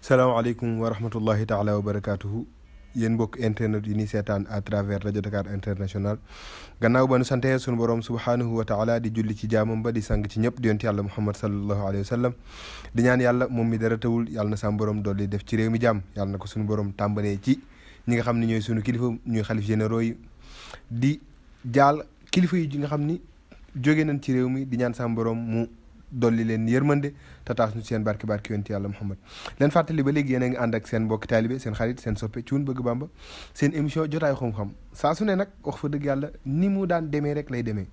salaamaaleykum wa rahmatullahi taala wa barakaatuhu yéen mbokk internet yi ni seetaan à travers rajo Dakar international gannaaw ba nu santee sunu borom subhaanahu wa taala di julli ci jaamam ba di sang ci ñëpp di yonti yàlla muhammad salallahu alayhi wa sallam di ñaan yàlla moom mi dara tawul yàlla na sam borom dolli def ci réew mi jàmm yàlla na ko sunu borom tàmbalee ci ñi nga xam ne ñooy sunu kilifa ñuy xalif généraux yi di jaal kilifa yi nga xam ni jóge nañ ci réew mi di ñaan sam borom dolli leen yërmande te taas ñu seen barke barke yonent yàlla Muhammad leen fàttali ba léegi yéen a ngi ànd ak seen mbokki taalibe seen xarit seen soppe cuun bëgg bàmba seen émission jotaay xam-xam saa su ne nag wax fa dëgg yàlla ni mu daan demee rek lay demee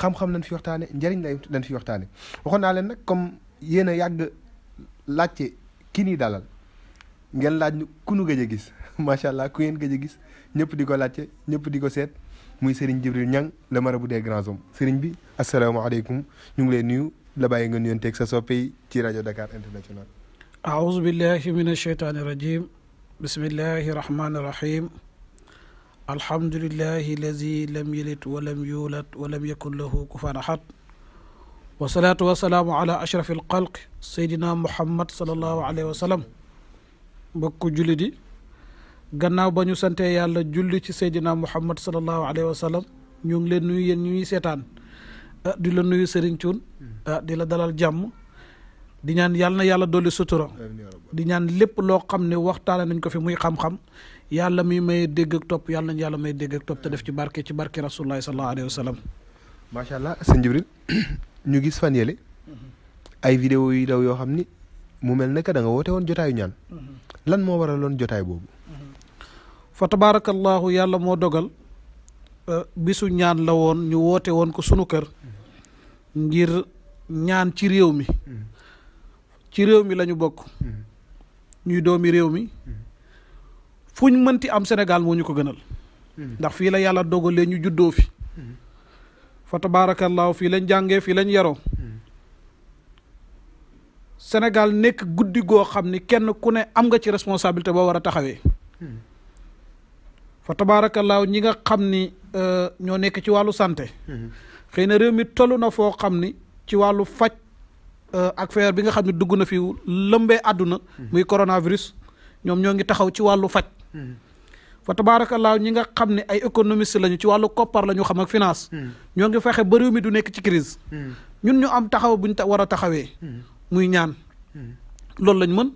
xam-xam lañ fi waxtaane njëriñ lay lan fi waxtaane waxoon naa leen nag comme yéen a yàgg laajte ki ni dalal ngeen laaj ñu ku nu gëj a gis macha allah ku ngeen gëj a gis ñëpp di ko laajte ñëpp di ko seet muy Serigne jibril ñang le marabout des grands hommes Serigne bi assalamu alaykum ñu ngi lay nuyu la baye nga nuyoon teeg sa soppe yi ci radio Dakar international a'udhu billahi minash shaitani rajim bismillahir rahmanir rahim الحمد لله الذي لم يلد ولم يولد ولم يكن له كفوا أحد والصلاة والسلام على أشرف الخلق سيدنا محمد صلى الله عليه وسلم بكو جلدي gannaaw ba ñu santee yàlla julli ci seydina muhammad salallahu alayhi wa sallam ñu ngi leen nuyu yéen ñuy seetaan ah, di la nuyu Serigne Thioune hmm. ah, di la dalal jàmm di ñaan yàlla na yàlla dolli sutura di ñaan lépp loo xam ne waxtaane nañ ko fi muy xam-xam yàlla mi may dégg topp yàlla yàlla may dégg topp te def ci barke ci barke rasulullahi salallahu alayhi wa sallam macha allah sëñ Jibril ñu gis fan yële hmm. ay vidéo yu daw yoo xam ni mu mel naka da nga woote woon jotaayu ñaan hmm. lan moo waraloon jotaay boobu fa tabaarakallaahu yàlla moo dogal euh, bisu ñaan la woon ñu woote woon ko sunu kër ngir ñaan ci réew mi ci réew mi lañu bokk ñuy doomi réew mi fu ñu mënti am Sénégal moo ñu ko gënal ndax fii la yàlla dogalee ñu juddoo fi fa tabaarakallaahu fii lañ jàngee fii lañ yaroo Sénégal nekk guddi goo xam ni kenn ku ne am nga ci responsabilité boo war a taxawee fa tabaarakallaahu ñi nga xam ni euh, ñoo nekk ci wàllu santé. Mm-hmm. xëy na réew mi toll na foo xam ni ci wàllu faj euh, ak feebar bi nga xam ne dugg na fi lëmbee àdduna. Mm-hmm. muy coronavirus ñoom ñoo ngi taxaw ci wàllu faj. Mm-hmm. fa tabaarakallaahu ñi nga xam ne ay économiste lañu ci wàllu koppar la ñu xam ak finance. ñoo ngi fexe ba réew mi du nekk ci crise ñun ñu am taxaw bu ñu war a taxawee. muy ñaan loolu lañ mën.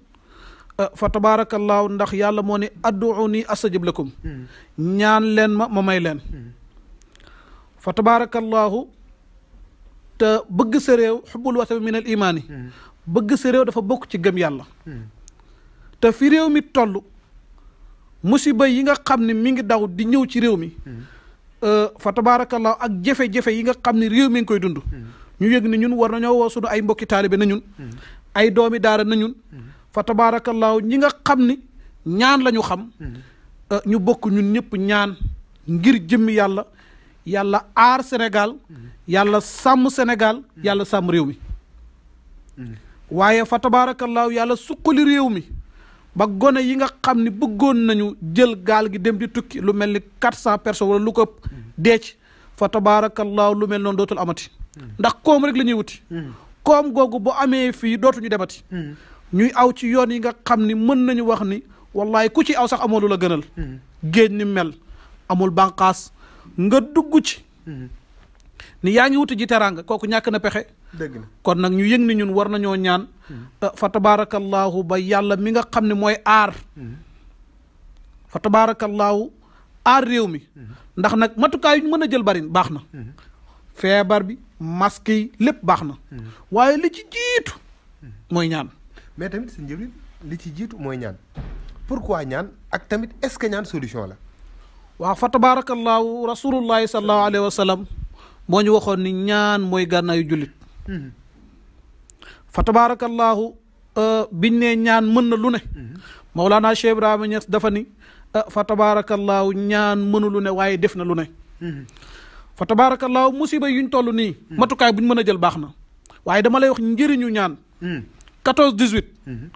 Eh, fa tabaarakallaahu ndax yàlla moo ne adduuni astajib lakum hmm. ñaan leen ma ma may leen hmm. fa tabaarakallaahu te bëgg sa réew xubbul watan min al hmm. bëgg sa dafa bokk ci gëm yàlla te fi réew mi toll musiba yi nga xam ne mi ngi daw di ñëw ci réew mi eh, fa tabaarakallaahu ak jafe-jafe yi nga xam ni réew mi ngi koy dund ñu yëg ni ñun war nañoo woo sunu ay mbokki taalibe nañun ay doomi daara nañun fa tabaarakallaahu ñi nga xam ni ñaan la ñu xam mhm. euh, ñu bokk ñun ñëpp ñaan ngir jëmmi yàlla yàlla aar Sénégal mhm. yàlla sàmm Sénégal mhm. yàlla sàmm réew mi waaye fa tabaarakallaahu yàlla suqali réew mi ba gone yi nga xam ni bëggoon nañu jël gaal gi dem di tukki lu mel ni quatre cent personnes wala lu ko deec fa tabaarakallaahu lu mel noonu dootul amati ndax koom rek la wuti koom googu bu amee fii dootuñu demati ñuy aw ci yoon yi nga xam ni mën nañu wax ni wallaay ku ci aw sax amoon lu la gënal. Mm-hmm. géej ni mel amul bànqaas nga dugg ci. Mm-hmm. ni yaa ngi wuti ji teraanga kooku ñàkk na pexe. dëgg la kon nag ñu yëg ni ñun war nañoo ñaan. Mm-hmm. Uh, fa tabaarakallaahu ba yàlla mi nga xam ne mooy aar. fa tabaarakallaahu aar réew mi. ndax nag matukaay yu ñu mën a jël barin baax na. feebar bi masque lépp baax na. waaye li ci mooy ñaan. mais tamit sa njëriñ li ci jiitu mooy ñaan pourquoi ñaan ak tamit est-ce que ñaan solution la. waaw fa tabaarakallaahu rasulullahi sallallahu alayhi wa sallam ñu waxoon ni ñaan mooy gànnaayu jullit. Mhm. fa tabaarakallaahu euh, biñ ne ñaan mën na lu ne. Mhm. Mawlana Cheikh Ibrahima Niass dafa ni euh, fa tabaarakallaahu ñaan mënu lu ne waaye def na lu ne. Mhm. fa tabaarakallaahu musiba yuñ toll nii. matukaay buñ mën a jël baax na waaye dama lay wax njëriñu ñaan. 14 18. Mm-hmm.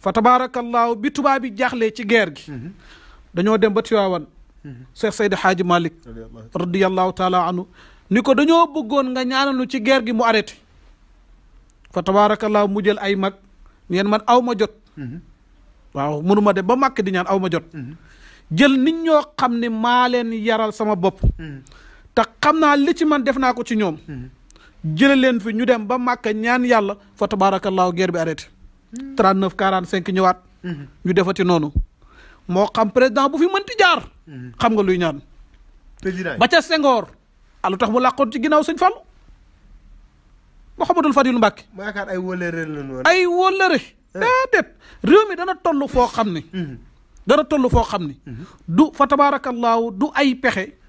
fa tabaarakallaahu bi tubaab bi jaaxlee ci guerre gi. Mm-hmm. dañoo dem ba Tiwaawan. Mm-hmm. Cheikh Seydi Hadji Malick. radiyallaahu taala anhu ni ko dañoo bëggoon nga ñaanalu ci guerre gi mu arrêté. fa tabaarakallaahu mu jël ay mag yéen man aw ma jot. waaw mënuma dem ba màkk di ñaan aw ma jot. jël nit ñoo xam ne maa leen yaral sama bopp. te xam naa li man def naa ko ci ñoom. jële leen fi ñu dem ba makka ñaan yalla fa tabarakallah guerre bi arrêté 39 45 quarante ñëwaat ñu defati nonu mo xam président bu fi mën ti jaar xam nga luy ñaan président ba ca sengor alu tax mu làqoon ci ginnaaw sëñ Fallou Mouhamadul Fadil mbacke ma yaakaar ay wóllëre la non ay wóllëre eh. déedéet réew mi dana tollu fo xamni ne mm-hmm. dana toll foo xam mm-hmm. du fa tabarakallah du ay pexé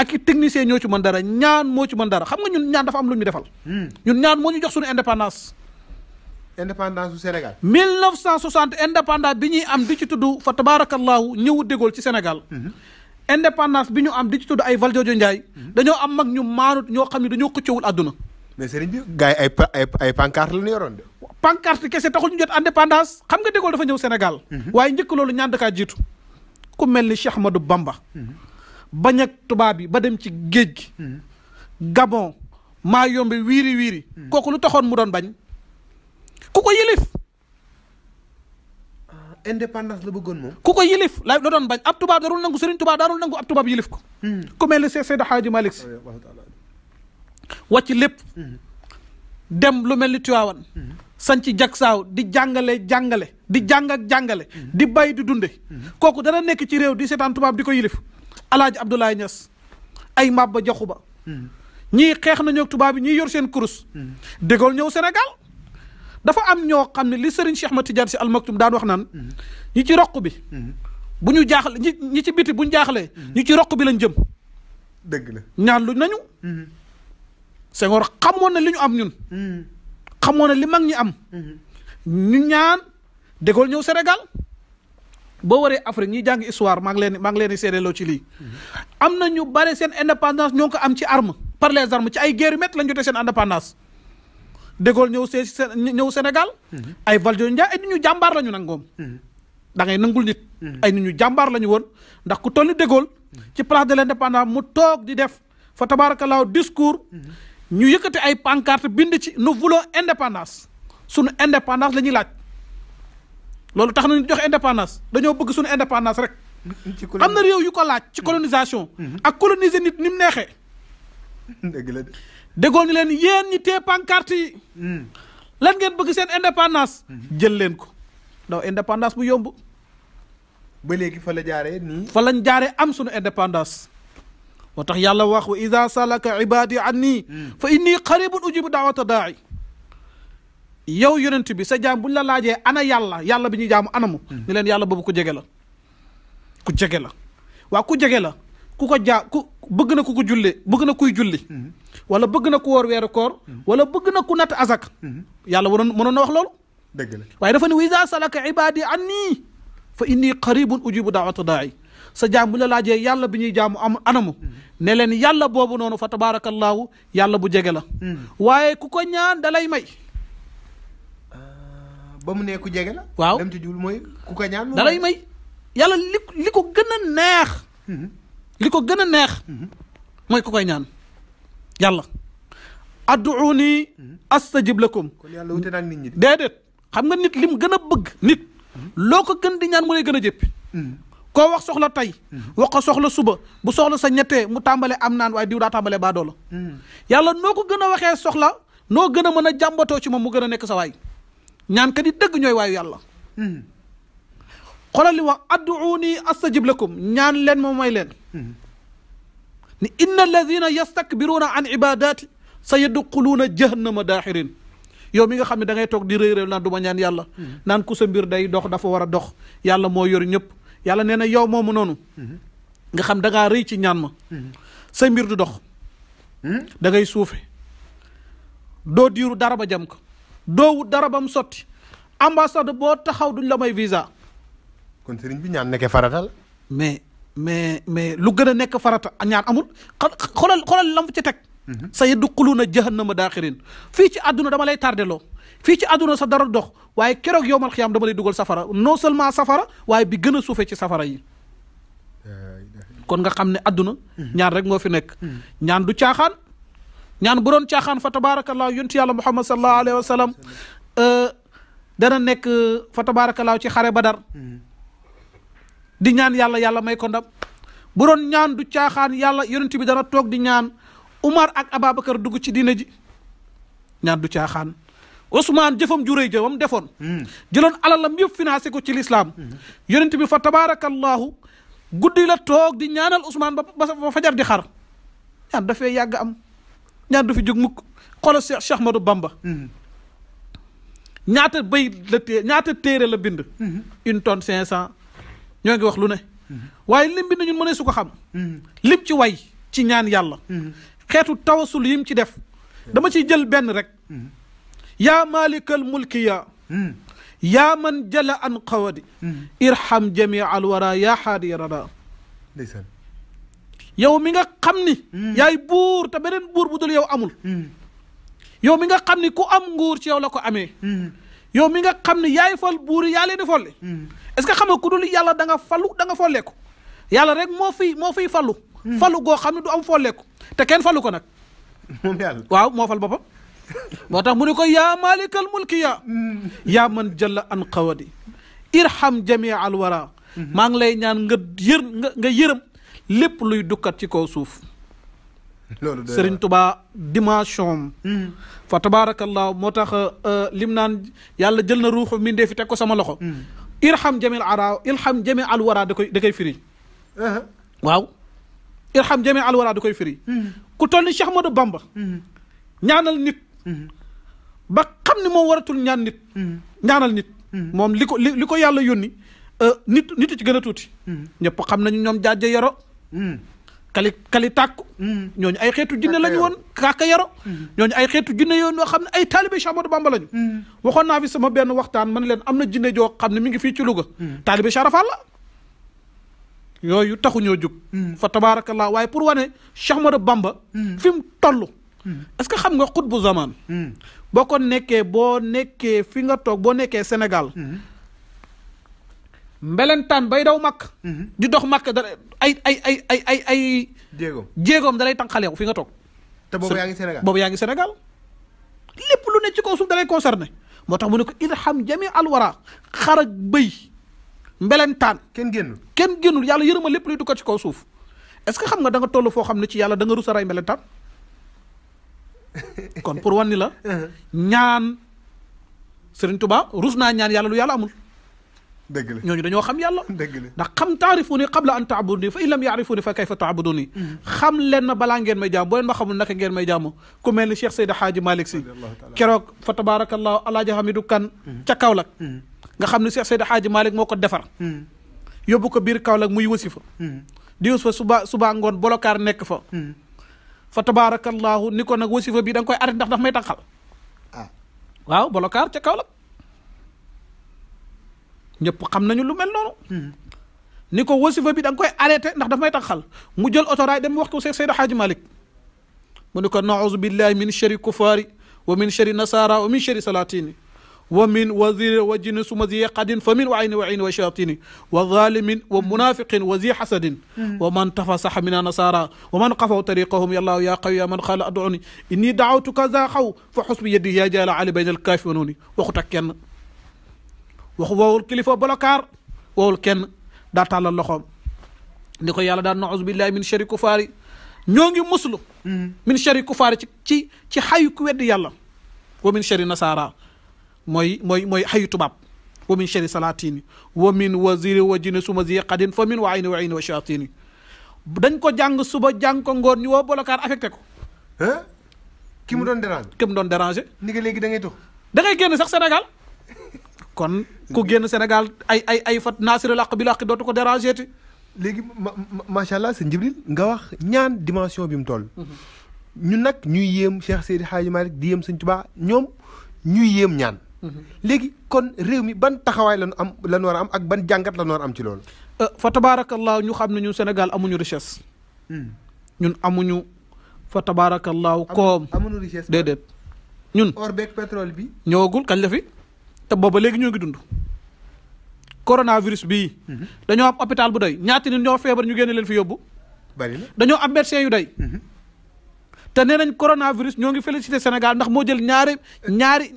ak i technicien ñoo ci mën dara ñaan moo ci mën dara xam nga ñun ñaan dafa am lu ñu defal. Hmm. ñun ñaan moo ñu jox suñu indépendance. indépendance du Sénégal. 1960 indépendance bi ñuy am di ci tudd fa tabaarakallaahu ñëw dégool ci Sénégal. Hmm. indépendance bi ñu am di ci tudd ay Valdiodio Ndiaye. Hmm. dañoo am mag ñu maanut ñoo xam ne dañoo xëccewul àdduna. mais sëriñ bi gars yi ay ay pancarte la ñu yoroon de. kese taxul ñu jot indépendance xam nga dégool dafa ñëw Sénégal. waaye njëkk loolu ñaan da jiitu ku mel ni Cheikh Ahmadou Bamba. bañ ak tubaab yi ba dem ci géej gi. Hmm. Gabon maa yombe wiiri wiiri. Hmm. kooku lu taxoon mu doon bañ. ku ko yilif. Ah, indépendance la bëggoon ku ko yilif la doon bañ ab tubaab darul nangu Serigne Touba darul nangu ab tubaab yilif ko. Hmm. ku mel ne Seydi Hadji Malick Sy. wàcc lépp. dem lu mel ni Tiwaawan. sañ ci jagsaaw di jàngale jàngale. di jàng ak jàngale. di bay di dunde kooku dana nekk ci réew di seetaan tubaab di ko yilif. alaaji Abdoulaye Niass ay Maba Jaxu Ba ñii xeex nañoo ak tubaab bi ñii yor seen kurus dégool ñëw Sénégal dafa am ñoo xam ne li sëriñ Cheikh Ahmed Tidiane Sy Al daan wax naan ñi ci roq bi bu ñu jaaxle ñi ñi ci biti bu ñu jaaxlee ñi ci roq bi lañ jëm dëgg la ñaan lu nañu Senghor xamoon na li ñu am ñun xamoon na li mag ñi am ñu ñaan dégool ñëw Sénégal boo waree Afrique ñuy jàng histoire maa ngi leen maa ngi ci lii. am na ñu bare seen indépendance ñoo ngi ko am ci arme par les armes ci ay guerre yu métti lañ jotee seen indépendance. de ñëw see ñëw Sénégal. Mm-hmm. ay Valdiodio Ndiaye ay nit ñu jàmbaar la ñu nag moom. Mm-hmm. da nit. Mm-hmm. ay nit ñu jàmbaar la ñu woon ndax ku toll ni de ci place de l' indépendance mu toog di def fa tabaarakalaaw discours. ñu yëkkati ay pancarte bind ci nu voulons indépendance sunu indépendance la ñuy laaj. loolu tax na ñu jox dañoo bëgg suñu indépendance rek. am na réew yu ko laaj ci colonisation. Mhm. ak coloniser nit ni mu neexee. dëgg la ni leen yéen ñi téye yi. Mhm. lan ngeen bëgg seen indépendance. Mhm. jël leen ko ndaw indépendance bu yomb. ba léegi fa la jaaree nii. lañ jaaree am suñu indépendance. moo tax yàlla wax wa ida salaka ibadi anni fa inni qaribun ujibu daawata daa'i yow yonent bi sa jaam buñ la laajee ana yàlla yàlla bi ñuy jaamu anamu. Hmm. ne leen yàlla boobu ku jege la ku jege la waa ku jege la ku ko jaa ku bëgg na ku ko julli bëgg na kuy julli. Hmm. wala bëgg na ku woor weeru hmm. wala bëgg na ku natt azak. yàlla waroon mënoon na wax loolu. dëgg waaye dafa ne wa iza salaka ibaadi anni fa inni qaribun ujibu daawata daai sa jaam bu la laajee yàlla bi ñuy jaamu am anamu ne leen yàlla boobu noonu fa tabaarakallaahu yàlla bu jege la waaye ku ko ñaan dalay may ba mu nekk jege la. waaw lam tëjuwul mooy ku ko ñaan. dalay may yàlla li li ko gën a neex. Mm-hmm. li ko gën a neex. Mm-hmm. mooy ku koy ñaan yàlla. adduuni mm-hmm. astajib lakum. kon yàlla wute nag nit ñi déedéet xam nga nit lim gën a bëgg. nit loo ko gën di ñaan mu lay gën a jëppi. wax soxla tey wax ko soxla suba bu soxla sa ñettee mu tàmbale am naan waaye diw daa tàmbalee baadoo la yàlla noo ko gën a waxee soxla noo gën a mën a jàmbatoo ci moom mu gën a nekk sa waay ñaankat yi dëgg ñooy waayu yàlla hmm. xoolal li wax adduuni astajib lakum ñaan leen moo may leen hmm. ni inna alladina yastakbiruuna an ibadati sa yadxuluuna jahannama daaxirin yow mi nga xam ne da ngay toog di rëy rëy naan du ma ñaan yàlla hmm. naan ku sa mbir day dox dafa war a dox yàlla moo yor ñëpp yàlla nee na yow moomu noonu nga xam danga ngaa rëy ci ñaan ma sa mbir du dox dangay ngay suufe doo diiru dara ba jam ko doowu dara ba mu sotti ambassade boo taxaw duñ la may visa. kon sëriñ bi ñaan nekkee farata la. mais mais mais lu gën a nekk farata ñaan amul xoolal xoolal lam ci teg. Mhm. sa yadxuluuna jahannama daaxirin fii ci àdduna dama lay tardeloo fii ci àdduna sa dara dox waaye keroog yowmal xiyaam dama lay dugal safara non seulement safara waaye bi gën a suufee ci safara yi. kon nga xam ne àdduna. Mhm. ñaan rek ngoo fi nekk. Mhm. ñaan du caaxaan. ñaan bu doon caaxaan fa tabaarakallaahu yontu yàlla muhammad sallallahu alayhi wa sallam euh, dana nekk euh, fa tabaarakallaahu ci xare badar mm. di ñaan yàlla yàlla may ko buroon ñaan du caaxaan yàlla yonent bi dana toog di ñaan Umar ak Ababacar dugg ci diina ji ñaan du caaxaan Ousmane jëfam ju rëy jëfam defoon mm. ko ci lislaam mm. yonent bi fa tabaarakallaahu guddi la toog di ñaanal Ousmane ba fajar di xar ñaan dafay yàgg am ñaan du fi jóg mukk xoolal Cheikh Cheikh Ahmadou Bamba. ñaata bay la té ñaata téere la bind. une tonne cinq cent ñoo ngi wax lu ne. waaye lim bind ñun mënee su ko xam. lim ci way ci ñaan yàlla. xeetu tawasul yim ci def. dama ciy jël benn rek. yaa maalikal mulkiya. yaa man jala an qawadi. irham jamii alwara yaa xaadi rada. ndeysaan. yow mi nga xam ni hmm. yaay buur te beneen buur bu dul yow amul hmm. yow mi nga xam ni ku am nguur ci la ko amee hmm. yow mi nga xam ni yaay fal buur yaa leen di folle est-ce que xam nga ku yàlla da nga falu da nga folleeku yàlla rek moo fiy moo fiy falu falu goo xam ne du am folleeku te kenn falu ko nag moom waaw moo fal boppam moo tax mu ne ko yaa malikal mulki yaa yaa man jalla an qawadi irham jamia al wara maa ngi lay ñaan nga yër nga nga yërëm lépp luy dukkat ci ko suuf loolu Serigne Touba dimension am hmm. fa tabaarakallaahu moo tax euh, lim naan yàlla jël na ruuxu mindee fi teg ko sama loxo hmm. irham jamil ara irham jamil alwara da koy da koy firi uh-huh. waaw irham jamil alwara da koy firi hmm. ku toll ni Cheikh Ahmadou Bamba ñaanal nit ba xam ne moo waratul ñaan nit ñaanal nit moom li ko li ko yàlla yónni euh, nit nit ci gën a tuuti ñëpp xam nañu ñoom jaaje yoro Hmm. kali kali tàkku hmm. ñooñu ay xeetu jinne lañu woon kaaka yaro hmm. ñooñu ay xeetu jinne yoon yoo xam ne ay taalibe Cheikh Bamba lañu waxoon naa fi sama benn waxtaan man leen am na jinne joo xam ne mi ngi fii ci Louga taalibe Cheikh Rafal la yooyu taxuñoo jóg fa tabaarakallaa waaye pour wane Cheikh Ahmadou Bamba fi mu toll est que xam nga xutbu zaman boo ko nekkee boo nekkee fi nga toog boo nekkee Sénégal mbelentaan bay daw màkk di mhm. dox màkk da ay ay ay ay ay ay jéegoom jéegoom da lay fi nga toog te boobu yaa ngi Sénégal boobu yaa ngi Sénégal lépp lu ne ci kaw suuf da lay concerné moo tax mu ne ko irham jami alwara xar ak bëy mbelentaan kenn génnul kenn génnul yàlla yërëma lépp luy du ko ci kaw suuf est-ce que xam nga da nga toll foo xam ne ci yàlla da nga rus a rey mbelentaan kon pour wan ni la uh-huh. ñaan Serigne Touba rus naa ñaan yàlla lu yàlla amul dëgg la ñooñu dañoo xam yàlla dëgg la ndax xam taarifu ni qabla an taabuduni fa in lam yaarifu ni fa kayfa taabuduni xam leen na balaa ngeen may jaam boo leen ma xamul naka ngeen may jaamu ku mel ni Cheikh Seydi Hadji Malick Sy keroog fa tabarakallahu alaaji Hamidou kan ca Kaolack mm. nga xam ne Cheikh Seydi Hadji Malick moo ko defar mm. yóbbu ko biir kawlak muy wasifa mm. di wasifa suba suba ngoon bolokaar nekk fa fa tabarakallahu ni ko nag wasifa bi da nga koy arrêté ndax daf may tànqal ah. waaw bolokaar ca Kaolack ñëpp xam nañu lu mel noonu. ni ko wasifa bi da nga koy arrêté ndax daf may taxal mu jël otoraay dem wax ko Seex Seydi Xaaji Malik mu ni ko nauzu billahi min shari kufaari wa min shari nasara wa min shari salatini wa min waziri wa jini suma zi qadin fa min wa ayni wa ayni wa shayatini wa zalimin wa munafiqin wa zi hasadin wa man tafasaha mina nasara wa man qafaw tariqahum ya llahu ya qawi ya man qala ad'uni inni da'awtu kaza xaw fa xusbi yadi ya jala ali bayna alkaafi wa nuni waxut ak kenn wax woowul kilifa bolokaar woowul kenn daa tàllal loxoom ni ko yàlla daan naus billahi min shari kufaari ñoo ngi muslu min shari kufaari ci ci ci xayu ku weddi yàlla wa min shari nasaara mooy mooy mooy xayu tubaab wa min shari salaatini wa min waziri wa jine suma zi qadin fa min wa ayni wa ayni wa shaatini dañ ko jàng suba jàng ko ngoon ñu woo bolokaar affecté ko ki mu doon déranger ki mu doon déranger ni nga léegi da ngay tux da ngay génn sax Sénégal kon ku génn Sénégal ay ay ay fat naasira làq bi làq dootu ko déranger te. léegi ma macha allah sëñ Jibril nga wax ñaan dimension bi mu toll. Mhm. ñun nag ñuy yéem Cheikh Seydi Hadji Malick di yéem sëñ Tuubaa ñoom ñuy yéem ñaan. Mhm. léegi kon réew mi ban taxawaay la ñu am la war am ak ban jàngat la ñu am ci loolu. Euh, fa tabaarakallaahu ñu xam ne ñu Sénégal amuñu richesse. Hmm. ñun amuñu fa tabaarakallaahu koom. amuñu richesse déedéet ñun. or beeg pétrole bi. ñëwagul kañ la fi. te booba léegi ñoo ngi dund coronavirus bi dañoo am hôpital bu doy ñaata nit ñoo feebar ñu génne leen fi yóbbu dañoo am médecin yu doy mhm. te nee nañ coronavirus ñoo ngi félicité Sénégal ndax moo jël ñaari ñaari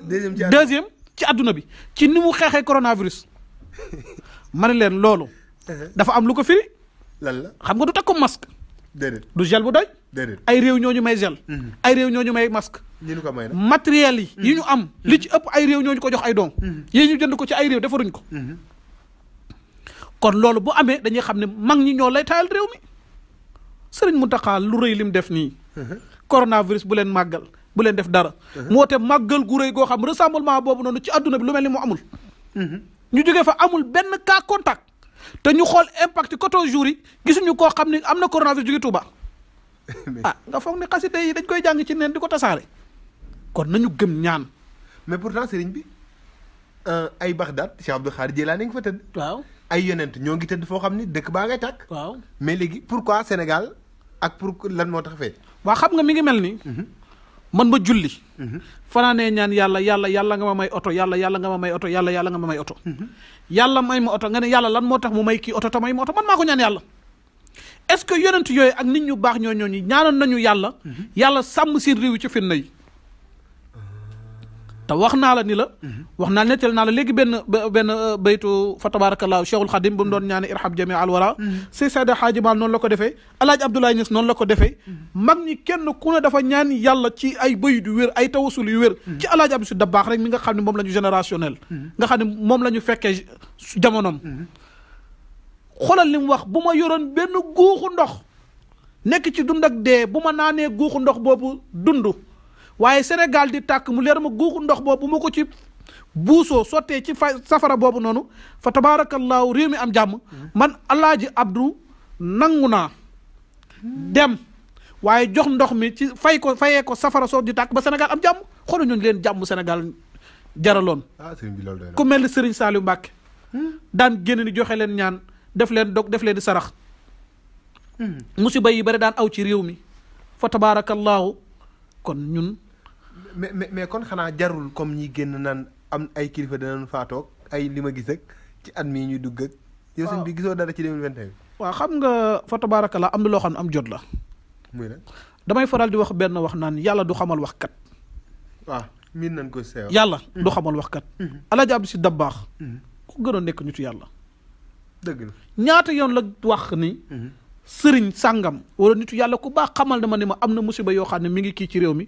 deuxième ci àdduna bi ci ni mu xeexee coronavirus ma ne leen loolu uh-huh. dafa am lu ko firi xam nga du takku mask déedéet du gel bu doy déedéet ay réew ñooñu may gel mhm. ay réew ñooñu may masque matériel yi yi ñu mm-hmm. am li ci ëpp ay réew ñoo ñu ko jox ay doom mm-hmm. yi ñu jënd ko ci ay réew defaruñ ko mm-hmm. kon loolu bu amee dañuy xam ne mag ñi ñoo lay taayal réew mi sëriñ Mountakha lu rëy mu def nii coronavirus bu leen màggal bu leen def dara mu woote màggal gu rëy goo xam rassemblement boobu noonu ci adduna bi lu mel ni mu amul ñu jógee fa amul benn ka contact te ñu xool impact quatorze jours gisuñu koo xam ne am na coronavirus jóge Touba ah nga foog ne xasida yi dañ koy jàng ci neen di ko tasaare kon nañu gëm ñaan. mais pourtant sëriñ bi euh, ay Bagdad Cheikh Abdou Khadre Jilaani nga fa tëdd. waaw ay yonent ñoo ngi tëdd foo xam ni dëkk baa ngay tàkk. waaw mais léegi pourquoi Sénégal ak pour lan moo tax fee. waa xam nga mi ngi mel ni. Mhm. man ma julli. Mhm. fanaanee ñaan yàlla yàlla yàlla nga ma may oto yàlla yàlla nga ma may yàlla nga ma mhm. yàlla may ma oto nga ne yàlla lan moo tax mu may kii oto te may ma oto man yàlla. est-ce que yonent yooyu ak nit ñu baax ñoo ñooñu ñaanoon nañu yàlla. yàlla sàmm seen réew ci fin yi te wax naa la ni la mhm. wax naa nettal naa la léegi benn benn euh, baytu fa tabaarakallaahu cheikhul xadim bu mu doon ñaane irham jami al wara si mhm. Seyda Xaaji Maal noonu la ko defee alaaj Abdoulaye Niass noonu la ko defee mhm. mag ñi kenn ku ne dafa ñaan yàlla ci ay bayit yu wér ay sul yu wér ci alaaj Abdou Si Dabaax rek mi nga xam ne moom la ñu nga xam ne moom la ñu fekkee jamonoom xoolal li mu wax bu ma yoroon benn guuxu ndox nekk ci dund ak dee bu ma naanee guuxu ndox boobu dund waaye Sénégal di tàkk mu leer ma guuxu ndox boobu ma ko ci buusoo sottee ci fa safara boobu noonu fa tabaarakallaahu réew mi am jàmm man alaaji Abdou nangu naa dem waaye jox ndox mi ci fay ko safara soo di tàkk ba Sénégal am jàmm xoolu ñu leen jàmm Sénégal jaraloon ah, ku mel ni Serigne Saliou Mbacke hmm? daan génn ni joxe leen ñaan def leen dog def leen di sarax hmm. musiba yi bari daan aw ci réew mi fa tabaarakallaahu kon ñun mais mais mais kon xanaa jarul comme ñi génn naan am ay kilifa danañ faa toog ay li ma gis ak ci at mii ñu dugg ak. yow bi gisoo dara ci 2021. waa xam nga fa tabaaraka la am na loo xam ne am jot la. muy nag damay faral di wax benn wax naan yàlla du xamal wax kat. waaw miin nañ ko yàlla du mhm. xamal wax kat. Mhm. Alaaji Abdu Si Dabaax. Mhm. ku gën a nekk nitu yàlla. dëgg la ñaata yoon la wax ni. sëriñ sàngam wala nitu yàlla ku baax xamal na ma ne ma am na musiba yoo xam ne mi ngi kii ci réew mi.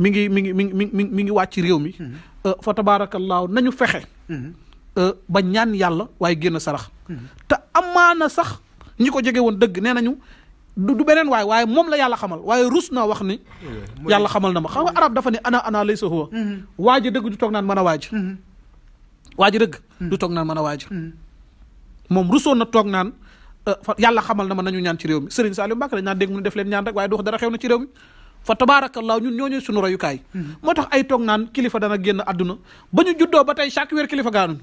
mi ngi mi ngi mi ngi mi ngi mi ngi wàcc réew mi. Hmm. Euh, fa tabaarakallaahu nañu fexe. Hmm. Euh, ba ñaan yàlla waaye génn sarax. Hmm. te amaana sax ñi ko jege woon dëgg nee nañu du beneen waay waaye moom la yàlla xamal waaye rus naa wax ni. yàlla xamal na ma xam arab dafa ne ana ana lay sa huwa. waaj dëgg du toog naan mën a waaj. waaj dëgg. du toog naan mën a waaj. moom rusoon na toog naan euh, yàlla xamal na ma nañu ñaan ci réew mi Serigne Saliou Mbacké dañ naan dégg mu ne def leen ñaan rek waaye du wax dara xew na ci réew mi. fa tabaarakallaahu ñun ñoo ñooy sunu kaay mm-hmm. moo tax ay toog naan kilifa dana génn àdduna ba ñu juddoo ba tey chaque weer kilifa gaanuñ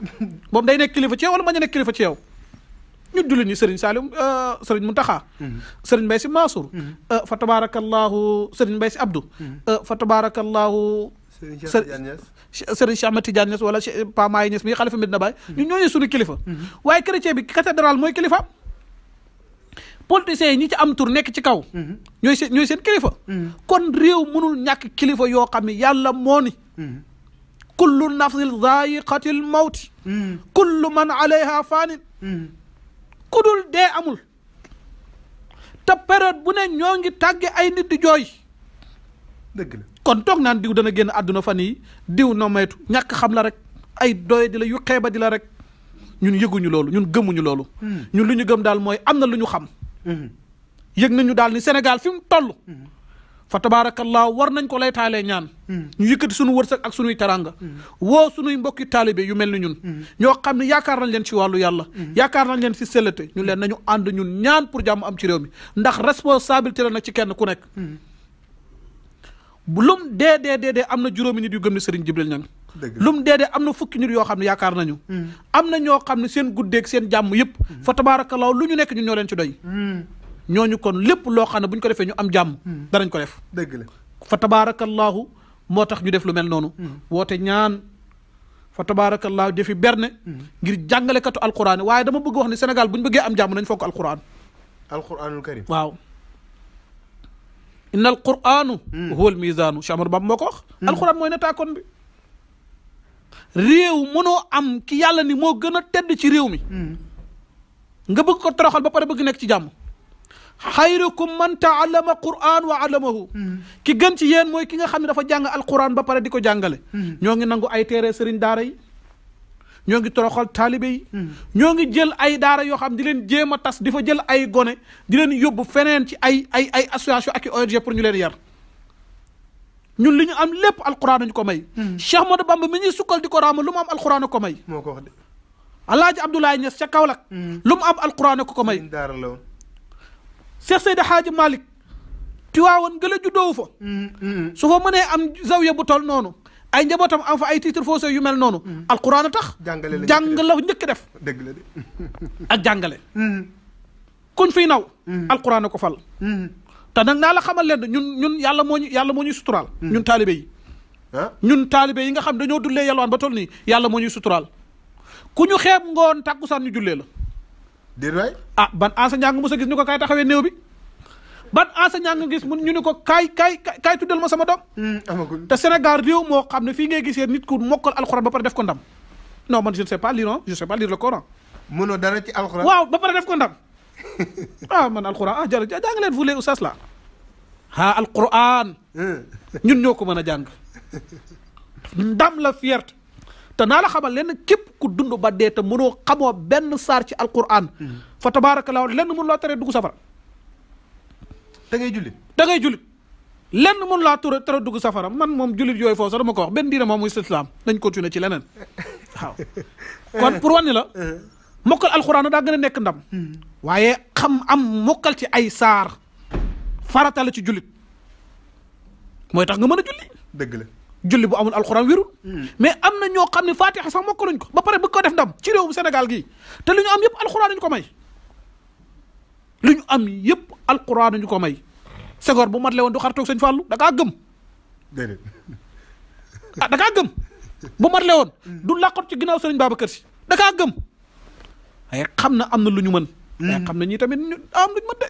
moom day nekk kilifa ci yow wala bañ a kilifa ci yow. ñu jullit ñi Serigne Salim euh, Serigne Mountakha. Mm-hmm. Serigne Mbaye Sy Mansour. Mm-hmm. Euh, fa tabaarakallaahu Serigne Mbaye Sy Abdou. Euh, fa tabaarakallaahu. Serigne Cheikh Tidiane Niass Serigne Cheikh Ahmed Tidiane Niass wala Paa Maay Niass mii xalifa Medina Baye. ñun ñoo ñooy sunu kilifa. waaye chrétien bi cathédrale mooy kilifa. politiciens yi ñi ci am tur nekk ci kaw. Mhm. ñooy seen ñooy seen kilifa. Mhm. kon réew mënul ñàkk kilifa yoo xam ne yàlla moo ni. Mhm. kullu nafsin zaayiqatil mawti. kullu man alayha faanin. ku dul dee amul. te période bu ne ñoo ngi tàgge ay nit di jooy. dëgg la kon toog naan diw dana génn àdduna fan yi diw noo maytu ñàkk xam la rek ay doye di la yu xeeba rek ñun yëguñu loolu ñun gëmuñu loolu. Hmm. ñun lu ñu gëm daal mooy am na lu ñu xam. yëg nañu daal ni Sénégal fi mu toll. fa tabaarakallaa war nañ ko lay taalee ñaan. ñu yëkkati suñu wërsëg ak sunuy teranga woo sunuy mbokki taalibe yu mel ni ñun. ñoo xam ne yaakaar nañ leen ci wàllu yàlla. yaakaar nañ leen ci sellete ñu leen nañu ànd ñun ñaan pour jàmm am ci réew mi ndax responsabilité la na ci kenn ku nekk. bu lum dee dee dee am na juróomi nit yu gëm ne Serigne Jibril Niang. lu mu dee am na fukki nit yoo xam ne yaakaar nañu hmm. am na ñoo xam ne seen guddeeg seen jàmm yëpp hmm. fa tabaarakallaahu lu ñu nekk ñun ñoo leen ci doy hmm. ñooñu kon lépp loo xam ne bu ko defee ñu am jàmm danañ ko def dëgg la fa tabaarakallaahu moo tax ñu def lu mel noonu woote ñaan fa tabaarakallaahu defi berne ngir jàngalekatu alquran waaye dama bëgg wax ne senegal bu ñu bëggee am jàmm nañ fonk alquran alquranul karim waaw inna alquranu huwa almizaanu Cheikh Amadou Bamba moo réew mënoo am ki yàlla ni moo gën a tedd ci réew mi hmm. nga bëgg ko troxal ba pare bëgg nekk ci jàmm xayrukum man taallama quran wa allamahu hmm. ki gën ci yéen mooy ki nga xam ne dafa jàng alquran ba pare di ko jàngale hmm. ñoo ngi nangu ay téere sëriñ daara yi ñoo ngi troxal taalibe yi ñoo ngi jël ay daara yoo xam di leen jéem a tas di fa jël ay gone di leen yóbbu feneen ci ay ay ay association ak i ONG pour ñu leen yar ñun li ñu am lépp alxuraan ñu ko may. Cheikh Modou Bamba mi ñuy sukkal di ko lu mu am alxuraan ko may. moo wax de. Alaaji Abdoulaye Niass ca Kaolack. lu mu am alxuraan ko ko may. daara la Cheikh Seydi Hadji Malick. Tiwaawoon gëla juddoowu fa. su fa mënee am zawiya bu tol noonu. ay njabootam am fa ay titre foncier yu mel noonu. alxuraan tax. jàngale la jàng la def. dëgg la de. ak jàngale. kuñ fiy naw. alxuraan ko fal. te nag naa la xamal leen ñun ñun yàlla moo ñu yàlla moo ñuy suturaal. Hmm. ñun taalibe yi. ñun taalibe yi nga xam ne dañoo dullee yalwaan ba toll nii yàlla moo ñuy suturaal ku ñu xeeb ngoon tàkkusaan ñu jullee la. déedéet waay ah ban enseignant nga mos a gis ñu ko kaay taxawee new bi ban enseignant nga gis mun ñu ne ko kaay kaay kaay tuddal ma sama doom. Hmm, amagul te Sénégal réew moo xam ne fii ngay gisee nit ku mokkal alxuraan ba pare def ko ndam non man je ne sais pas lire je ne sais pas lire le Coran. mënoo dara ci alxuraan waaw ba pare def ko ndam. ah man alquran ah jërëjëf jàng leen fule oustaz la ah ñun ñoo ko mën a jàng ndam la fierté te naa la xamal lenn képp ku dund ba dee te mënoo xamoo benn saar ci alquran mm-hmm. fa tabaarakallaa lenn mën laa tere dugg safara da ngay jullit ngay jullit lenn mun laa tere tere dugg safara man moom jullit yooyu foofu sax dama ko wax benn diine moom muy islaam nañ continuer ci leneen waaw kon pour la uh-huh. mokkal alxuraan daa gën a nekk ndam. Hmm. waaye xam am mokkal ci ay saar farata la ci jullit mooy tax nga mën a julli. dëgg la julli bu amul alxuraan wérul. Hmm. mais am na ñoo xam ne faatiha sax mokkaluñ ko ba pare bëgg ko def ndam ci senegal gi te lu ñu am yëpp alxuraan ñu ko may. lu ñu am yëpp alxuraan ñu ko may. Senghor bu mat le woon du xar toog sëñ Fallou da kaa gëm. déedéet ah, gëm bu mat le woon hmm. du làqot ci ginnaaw sëriñ Babacar Si da kaa gëm. ay xamna na am mën mm-hmm. na ñi tamit ñu am luñu mën de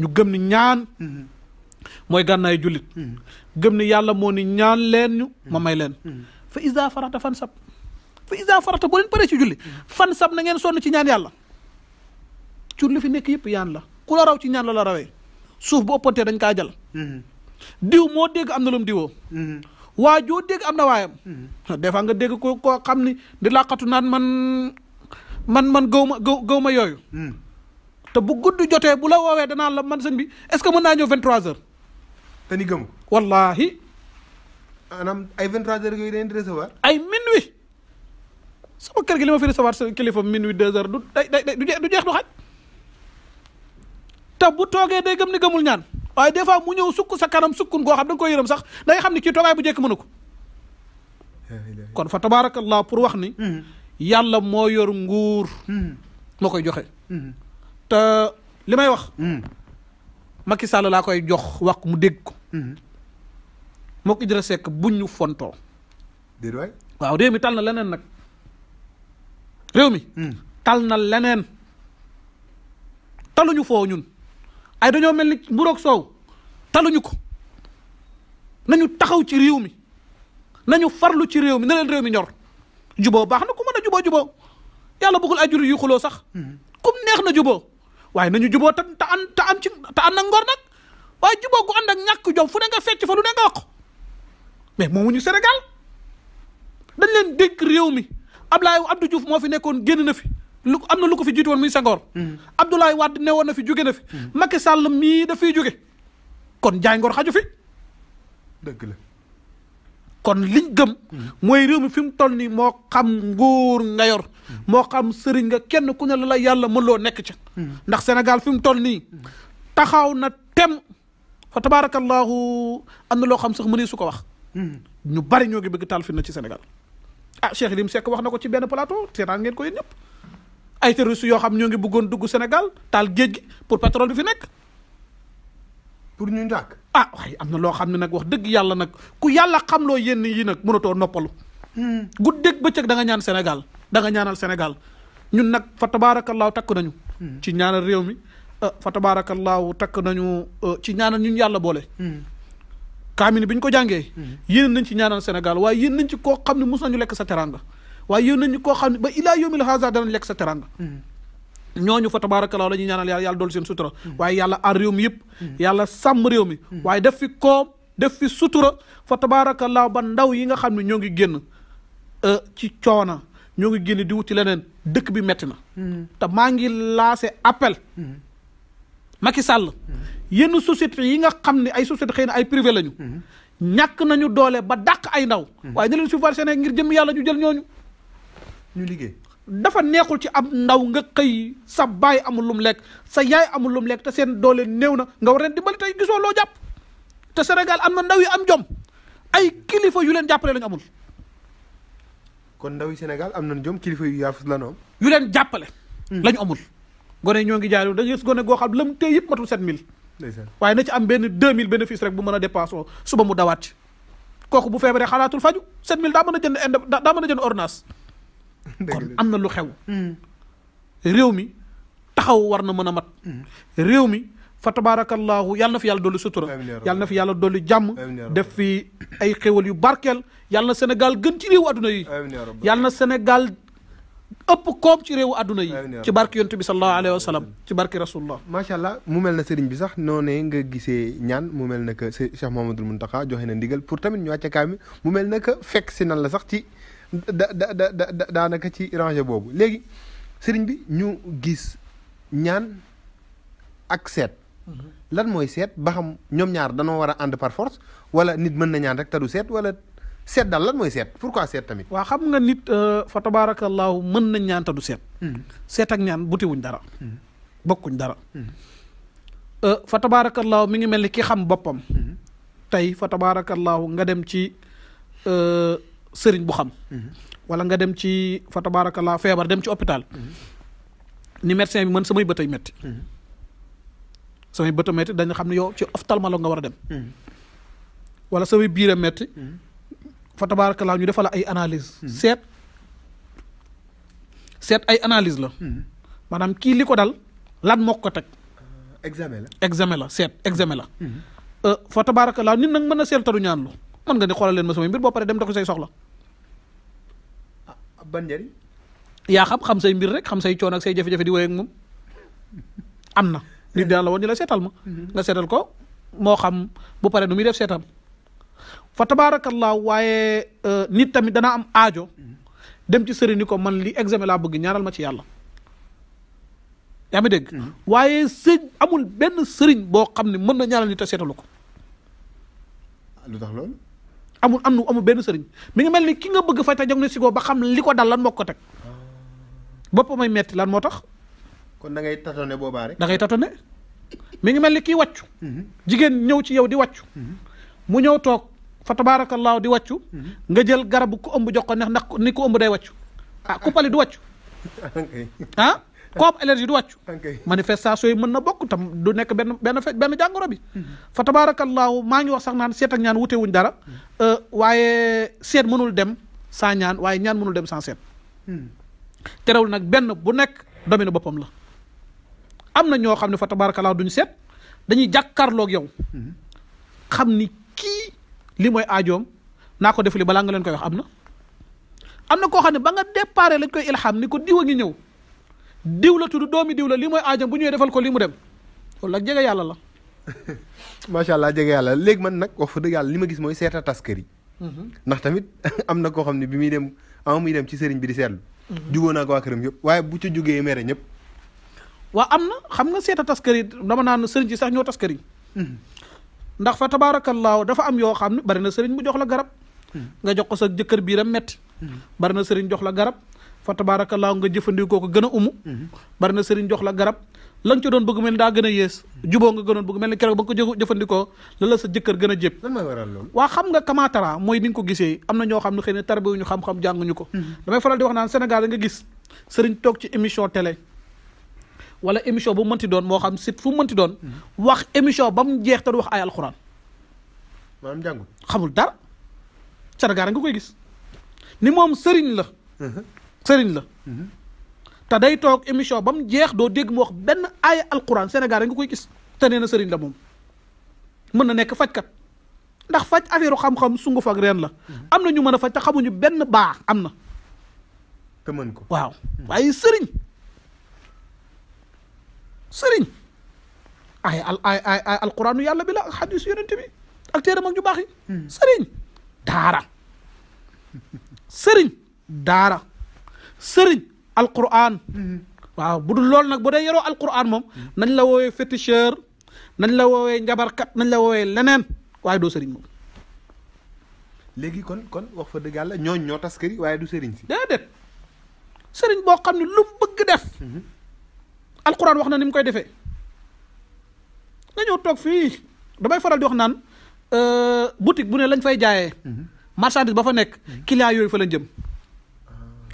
ñu gëm ni ñaan moy mm-hmm. gannaay julit mm-hmm. gëm ni yalla mo ni ñaan leen ñu ma may leen fa iza farata fan sab fa iza farata bo leen paré ci julli fan sab na ngeen sonn ci ñaan yalla cur li fi nek yëpp yaan la ku la raw ci ñaan la la rawé suuf bo opponté dañ ka jal diw mo dégg am lum diwoo waa dégg am na nga dégg ko xamni di laqatu nan man man man gaw ma gaw gaw ma yooyu. Hmm. te bu gudd jotee bu la woowee danaa la man sëñ bi est-ce que mën naa ñëw 23h. te ni gëm. wallaahi. maanaam ay 23h yooyu dañuy recevoir. ay minuit. sama kër gi li fi recevoir kilifa minuit 2h du day day du jeex du xaj. te bu toogee day gëm ni gëmul ñaan waaye des fois mu ñëw sukk sa kanam sukkun goo xam da nga koy yërëm sax day xam ni kii toogaay bu jekk mënu ko. kon fa tabaarakallah pour wax ni. Hmm. yàlla moo yor nguur hmm. moo koy joxe hmm. te li may wax hmm. Macky Sall laa koy jox wax mu dégg ko moo ko Idrissa Seck buñ ñu fontoo déet waay waaw mi tal na leneen nag réew mi tal na leneen taluñu foo ñun ay dañoo mel ni mburoog soow taluñu ko nañu taxaw ci réew mi nañu farlu ci réew mi na leen réew mi ñor juboo baax na ku mën a juboo juboo yàlla bëggul ay jullit yu xuloo sax kum neex na juboo waaye nañu juboo te te an te am ci te ànd ak ngor nag waaye juboo gu ànd ak ñàkk jom fu ne nga fecc fa lu ne nga wax mais moomuñu Sénégal dañ leen dénk réew mi Ablaye Abdou Diouf moo fi nekkoon génn na fi lu am na lu ko fi jiitu woon muy Senghor Abdoulaye Wade ne woon na fi jóge na fi Macky Sall mii dafiy jóge kon jaay ngor xaju fi dëgg la kon liñ gëm mooy réew mi fi mu toll nii moo xam nguur nga yor moo xam sëriñ nga kenn ku ne la la yàlla mën loo nekk ci ndax Sénégal fi mu toll nii taxaw na tem fa tabaarakallaahu am na loo xam sax mënee su ko wax ñu bari ñoo ngi bëgg taal fi na ci Sénégal ah Cheikh Lim Seck wax na ko ci benn plateau seetaan ngeen ko yéen ñëpp ay terroristes yoo xam ñoo ngi bëggoon dugg Sénégal taal géej gi pour pétrole bi fi nekk pour ñu njàkk ah am na loo xam ne nag wax dëgg yàlla nag ku yàlla xam loo yenn yi nag mënatoo noppalu hmm. guddeeg bëccëg da nga ñaan senegal danga ñaanal senegal ñun nag fa tabaarakallaahu takk nañu hmm. ci ñaanal réew mi euh, fa tabaarakallaahu takk nañu euh, ci ñaanal ñun yàlla boole hmm. kaamini bi ko jàngee yéen nañ ci ñaanal Sénégal waaye yéen nañ ci ko xam ne mos nañu lekk sa terang waa yéen nañ ci koo xam ne ba ilaa yoomil haasa danañ lekk sa teranga ñooñu fa tabaarakallaa la ñuy ñaanal yàlla yàlla doolu seen sutura waaye yàlla aar réew mi yëpp yàlla sàmm réew mi waaye def fi koom def fi sutura fa tabaarakallaa ba ndaw yi nga xam ne ñoo ngi génn euh, ci coona ñoo ngi génn di wuti leneen dëkk bi metti na te maa ngi laase appel sàll Sall yenn société yi nga xam ne ay société xëy na ay privé lañu ñàkk nañu doole ba dàq ay ndaw hmm. waaye ñu leen subventionné ngir jëm yàlla ñu jël ñooñu ñu liggéey dafa neexul ci am ndaw nga xëy sa baay amul lum lekk sa yaay amul lum lekk te seen doole new na nga war leen dimbali tey gisoo loo jàpp te Sénégal am na ndaw yu am jom ay kilifa yu leen jàppale lañ amul. kon ndaw yi Sénégal am nañ jom kilifa yu yaafus la noom yu leen jàppale. Hmm. lañ amul. gone ñoo ngi jaay da gis gone goo xam lam tey yëpp mil 7000. waaye na ci am benn 2000 bénéfice rek bu mën a dépassé suba mu dawaat ci kooku bu feebaree xalaatul faju 7000 daa mën a jënd daa mën a jënd ordonnance. kon am na lu xew. Hmm. réew mi taxaw war na mën a mat. Hmm. réew mi fa tabaarakallaahu yàlla na fi yàlla dolli sutura. yàlla na fi yàlla dolli jàmm. def fi ay xéwal yu barkeel. yàlla na Sénégal gën ci réewu adduna yi. yàlla na Sénégal ëpp koom ci réewu adduna yi. ci barke yontu bi sallallahu alayhi wa sallam ci barke rasulullah. macha allah mu mel na sëriñ bi sax noonee nga gisee ñaan mu mel na que Cheikh Mouhamadoul Mountakha joxe na ndigal pour tamit ñu wàcce kaami mu mel na que fekk si nan la sax ci. da da da da daanaka ci rangé boobu léegi sëriñ bi ñu gis ñaan ak seet. Mhm. lan mooy seet ba xam ñoom ñaar danoo war a ànd par force wala nit mën na ñaan rek te du seet wala seet daal lan mooy seet pourquoi seet tamit. waaw xam nga nit euh, fa tabaarakallaahu mën na ñaan te du seet. Mhm. seet ak ñaan butiwuñ dara. Mhm. bokkuñ dara. Euh, fa tabaarakallaahu mi ngi mel ni ki xam boppam. tey fa tabaarakallaahu nga dem ci. Euh, sering bu xam mhm. wala nga dem ci fa tabarakallah feebar dem ci hôpital mhm. ni médecin bi man samay bëtay metti mhm. samay bëta metti dañu xam ne ci ophtalmologue nga war dem wala samay biira metti fa tabarakallah ñu defal ay analyse seet set, ay analyse la lo, kii li ko dal lan moo ko teg examen la examen la seet examen la euh, fa tabarakallah nit taru ñaan lu mën nga ni xoolal leen ma samay mbir boo pare dem doxi say soxla. Ah, ban yaa xam xam say mbir rek xam say coon ak say jafe-jafe di wéy ak moom am na. nit daan la seetal ma. Mhm. nga ko moo xam bu pare nu muy def seetal. fa tabaarakallaa waaye euh, nit tamit dana am aajo. Mhm. dem ci sëriñ ko man li examen laa bëgg ñaaral ma ci yàlla. yaa ngi dégg. Mhm. waaye sëñ amul benn sëriñ boo xam ne mën na ñaaral nit a seetalu ko. Ah, lu amul am nu amul benn sëriñ mi ngi mel ni ki nga bëgg fay te jog ne sigoo ba xam li ko dal lan moo ko teg bopp may metti lan moo tax. kon da ngay tatone boobaa rek. da ngay tatone mi ngi mel ni kii wàccu. Mhm. jigéen ñëw ci yow di wàccu. Mhm. mu ñëw toog fa tabaarakallaahu di wàccu. Mhm. nga jël garabu ku ëmb jox ko ndax ni ku ëmb day wàccu. ah ku pali du wàccu. Ah? ko am du waccu manifestation yi mën na bokk tam du nekk benn benn fe benn jàngoro bi fa tabarakallahu maa ngi wax sax naan seet ak ñaan wute wuñ dara hmm. euh, waaye seet mënul dem sans ñaan waaye ñaan mënul dem sans seet hmm. terewul nag benn bu nekk domaine boppam la am na ñoo xam ne fa tabarakallahu duñ seet dañuy jàkkaarloog yow hmm. xam ni kii li mooy aajoom naa ko def balaa nga leen koy wax am na am na koo xam ne ba nga déparé lañ koy ilham ni ko diwa ngi ñëw diw la tudd doomi diw la lii mooy aajam bu ñëwee defal ko lii mu dem loolu nag jege yàlla la. macha allah jege yàlla léegi man nag wax fa dëgg yàlla li ma gis mooy seeta taskër yi. Mhm. ndax tamit am na koo xam ne bi muy dem ama muy dem ci sëriñ bi di seetlu. Mhm. jubóo naa ko waa këram yëpp waaye bu ca jugee mere ñëpp. waa am na xam nga seeta taskër yi dama naan sëriñ sax ñoo taskër yi. Mhm. ndax fa tabaarakallaahu dafa am yoo xam ne bari na sëriñ mu jox la garab. nga jox ko sa jëkkër biiram metti bari na sëriñ jox la garab fa tabaarakallaahu nga jëfandikoo ko gën a umu mhm. bari na sëriñ jox la garab la nga ci doon bëgg mel ni daa gën a yées juboo nga gënoon bëgg mel ni keroog ba nga ko jëfandikoo la la sa jëkkër gën a jëpp lan mooy waral loolu waa xam nga kamaatara mooy ni nga ko gisee am na ñoo xam ne xëy ne tarbi ñu xam-xam jànguñu ko mhm. damay faral di wax naan Sénégal nga gis sëriñ toog ci émission télé wala émission bu mënti doon moo xam sit fu mënti doon mhm. wax émission ba mu jeex te du wax ay alxuraan maanaam jàngul xamul dara Sénégal nga koy gis ni moom sëriñ la sëriñ la mhm. te day toog émission ba jeex doo dégg mu wax benn ay alquran senegar rek koy gis te na sëriñ la moom mën na nekk fajkat ndax faj affaire xam-xam sunguf ak reen la mhm. am na ñu mën a faj te xamuñu benn baax am na mën ko waaw mhm. waaye sëriñ sëriñ ay al ay ay ay alquraanu yàlla bi la ak xadis yonente ak téere mag ñu baax yi sëriñ daara sëriñ daara sering alquran mhm. waaw bu dul loolu nag bu dee yoroo alquran mom mhm. nañ la woowee féticheur nañ la woowee njabarkat nañ la woowee leneen waaye doo sëriñ kon kon wax fa dëgg yàlla ñooñ ñoo tas këri waaye du sëriñ si déedéet sëriñ boo xam ne lu mu bëgg def mhm. alquran wax na ni mu koy defee nga ñëw damay faral di wax naan euh, boutique bu ne lañ fay jaayee marchandise ba fa nek client yooyu fa lañ jëm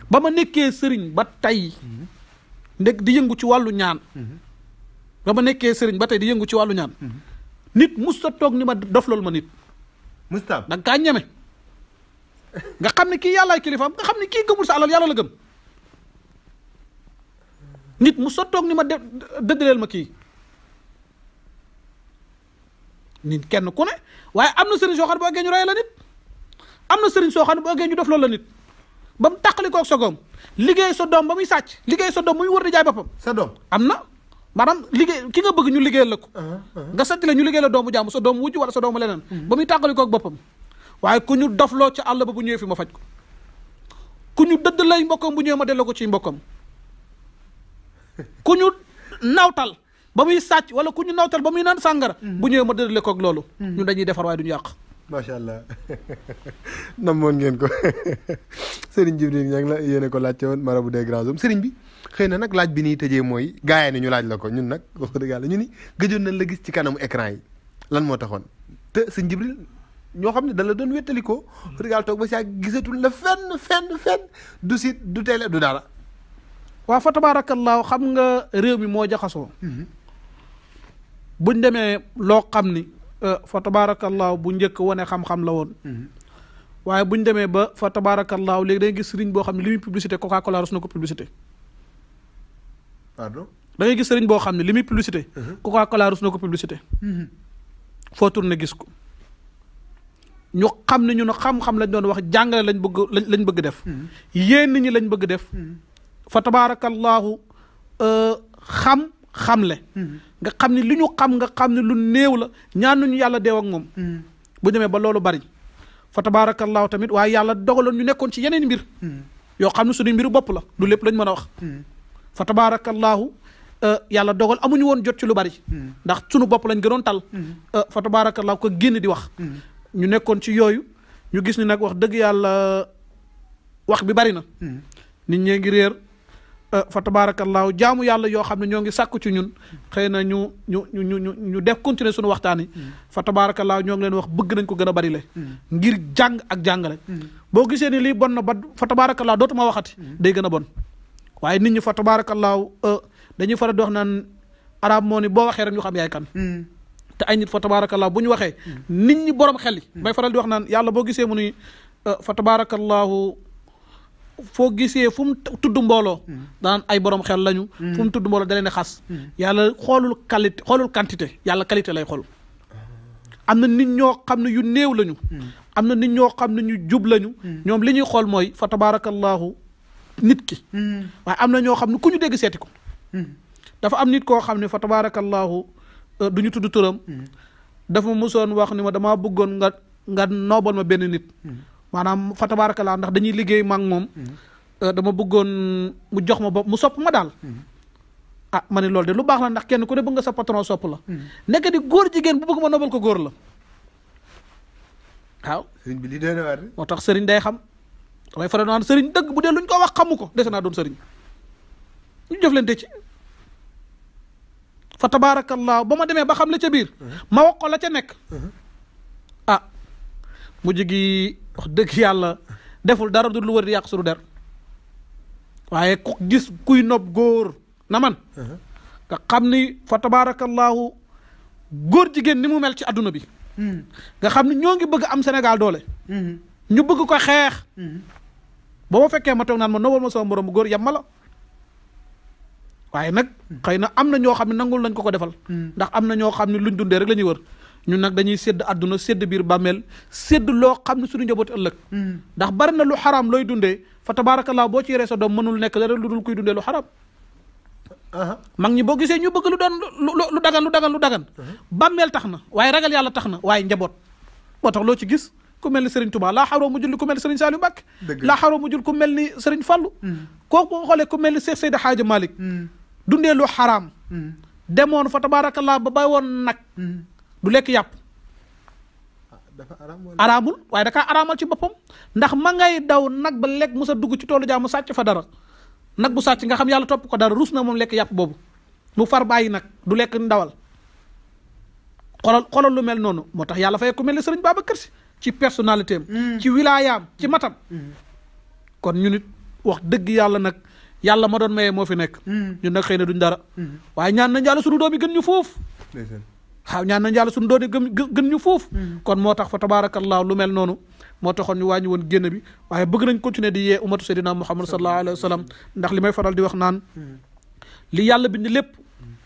ba ma nekkee sëriñ ba tey ndeg di yëngu ci wàllu ñaan ba ma sëriñ ba tey di yëngu ci wàllu ñaan nit mus sa toog ni ma dof loolu ma nit musta da nga kaa ñeme nga xam ne kii yàllaay kilifaam nga xam ne kii gëmul sa alal yàlla la gëm nit mu sottoog ni ma de dëddaleel ma kii nit kenn ku ne waaye am na sëriñ soo xam ne boo gee ñu la nit am na sëriñ soo xam ne boo gee ñu def la nit ba mu tàqali koog sogoom liggéey sa doom ba muy sàcc liggéey sa doom muy wër di jaay boppam sa doom am na maanaam liggéey ki nga bëgg ñu liggéeyal la ko ah, ah. nga sàcc la ñu liggéey la doomu jàmm sa doom wujj wala sa doomu leneen hmm. ba muy tàqali koog boppam waaye ku ñu loo ci àll ba bu ñëwee fi ma faj ko ku ñu dëdd lay mbokkam bu ñëwee ma delloo ko ci mbokkam ku ñu nawtal ba muy sàcc wala ku ñu nawtal ba muy naan sàngara hmm. bu ñëwee ma dëddale koog loolu hmm. ñun dañuy defar waaye du ñu yàq macha allah namoon ngeen ko Serigne Djibril ña la yéene ko laajte woon marabu des grands sëriñ bi xëy na nag laaj bi nii tëjee mooy gaaya ni ñu laaj la ko ñun nag wax dëgg yàlla ñu ni gëjoon nañ la gis ci kanamu écran yi lan moo taxoon te Serigne Djibril ñoo xam ne da la doon wettali ko dëgg yàlla toog ba saa gisatul la fenn fenn fenn du site du télé du dara. waaw fa tabaarakallaahu xam nga réew mi moo jaxasoo. Mhm. buñ demee loo xam ni. Euh, fa tabaarakallaahu bu njëkk wane xam-xam la woon mhm. waaye bu ñu demee ba fa tabaarakallaahu léegi da ngay gis sëriñ boo xam ne li muy publicité coca na ko publicité pardon da gis sëriñ boo xam ne li muy publicité mhm. na ko publicité mhm. foo tourné gis ko ñu xam ne ñun xam-xam lañ doon wax jàngale lañ bëgg lañ bëgg def yéen nit ñi lañ bëgg def fa tabaarakallaahu euh, xam xamle nga xam ne li ñu xam nga xam ne lu néew la ñaan nañu yàlla deew moom bu demee ba loolu bari fa tabaarakallaahu tamit waaye yàlla dogaloon ñu nekkoon ci yeneen mbir yoo xam ne suñu mbiru bopp la du lépp lañ mën a wax fa tabaarakallaahu euh, yàlla dogal amuñu woon jot ci lu bari ndax suñu bopp lañ gënoon tal euh, fa tabaarakallaahu ko génn di wax ñu nekkoon ci yooyu ñu gis ni nag wax dëgg yàlla wax bi bari na nit ñee ngi réer Euh, fa tabaarakallaahu jaamu yàlla yoo xam ne ñoo ngi sàkku ci ñun xëy na ñu ñu ñu ñu ñu def continuer suñu waxtaan yi mm. fa tabaarakallaahu ñoo ngi leen wax bëgg nañ ko gën a bari le mm. ngir jàng ak jàngale mm. boo gisee ni lii bon na ba fa tabaarakallaahu dootuma waxati day gën a bon waaye nit ñi fa tabaarakallaahu euh, dañuy faral di wax naan arab moo ni boo waxee rek ñu xam yaay kan te ay nit fa tabaarakallaahu bu ñu waxee nit ñi borom xel yi may faral yàlla boo gisee mu ni euh, fa tabaarakallaahu foo gisee fu mu tudd mbooloo hmm. daan ay borom xel lañu hmm. fu mu tudd mbooloo da leen xas hmm. yàlla xoolul qualité xoolul quantité yàlla qualité lay xool ah. am na nit ñoo xam ne yu néew lañu am na nit ñoo xam ne ñu jub lañu ñoom li ñuy xool mooy fa tabaarakallaahu nit ki waaye am na ñoo xam ne ku ñu dégg seeti ko dafa am nit koo xam ne fa tabaarakallaahu euh, du ñu tudd turam dafa ma mosoon wax ni ma damaa bëggoon nga nga noobal ma benn nit manam fa tabarakallah ndax dañuy liggéey mom hmm. euh dama bëggoon mu jox ma bopp mu sopp ma dal hmm. ah mané lool loolu de lu baax la ndax kenn ku ne bëgg nga sa patron sopp la hmm. nekk di góor jigen bu bëgg ma nobal ko góor la waaw sëriñ bi li doy war waar moo tax sëriñ day xam damay faral non sëriñ dëgg bu dee luñ ko wax xamu ko doon sëriñ ñu jëflante ci fa tabarakallah ba ma ba xam la ca bir uh-huh. ma wax ko la ca nek uh-huh mujj jigi deug yalla luar deful dara du lu wër di suru der waaye ku gis kuy nob gor na man ka xamni fa tabarakallahu gor jigen ni mu mel ci aduna bi nga xamni ni bëgg am senegal doole ñu bëgg ko xex bo fekke ma tok naan ma nobal ma sama morom gor yam waaye nag xëy na nangul lañ ko ko defal ndax amna ño xamni luñ dundé rek wër ñun nag dañuy sédd àdduna sedd biir bàmmeel sédd loo xam ne suñu njabooti ëllëg hmm. ndax bari na lu xaraam looy dundee foto fa laa boo ci yore sa doom mënul nekk dara lu dul kuy dundee lu xaraam mag ñi boo gisee ñu bëgg lu doon lu dagan lu dagan lu dagan bàmmeel tax na waaye ragal yàlla tax na waaye njaboot moo tax loo ci gis ku mel ni Serigne tubaa laa xaroo mu jul ku mel ni Serigne Saliou Mbacké laa xaroo mu jul ku mel ni Serigne Fallou hmm. koo ko xoolee ku mel ni Cheikh Seydi Hadji Malick hmm. dundee lu xaraam demoon fa laa ba bay woon nag du lekk yàpp araamul waaye dakaa araamal ci boppam ndax ma ngay daw nag ba lekk musa dugg ci toolu jaamu sàcc fa dara nag bu sàcc nga xam yàlla topp ko dara rus na moom lekk yàpp boobu mu far bàyyi nag du lekk ndawal xolal xolal lu mel noonu moo tax yàlla fa ku mel ne sëriñ baaba Si ci personnalité am mm. ci wilaayaam ci matam mm. kon ñu nit wax dëgg yàlla nag yàlla ma doon mayee moo fi nekk mm. ñun nag xëy na duñ dara waaye ñaan na yàlla sunu doom yi gën ñu foofu xaaw ñaan nañ yàlla suñu doone gën ñu foofu mm. kon moo tax fa tabaarakallaahu lu mel noonu moo taxoon ñu wàññi woon génn bi waaye bëgg nañ continuer di yee umatu seydina muhammad sallallahu alayhi wa ndax li may faral di wax naan mm. li yàlla bind lépp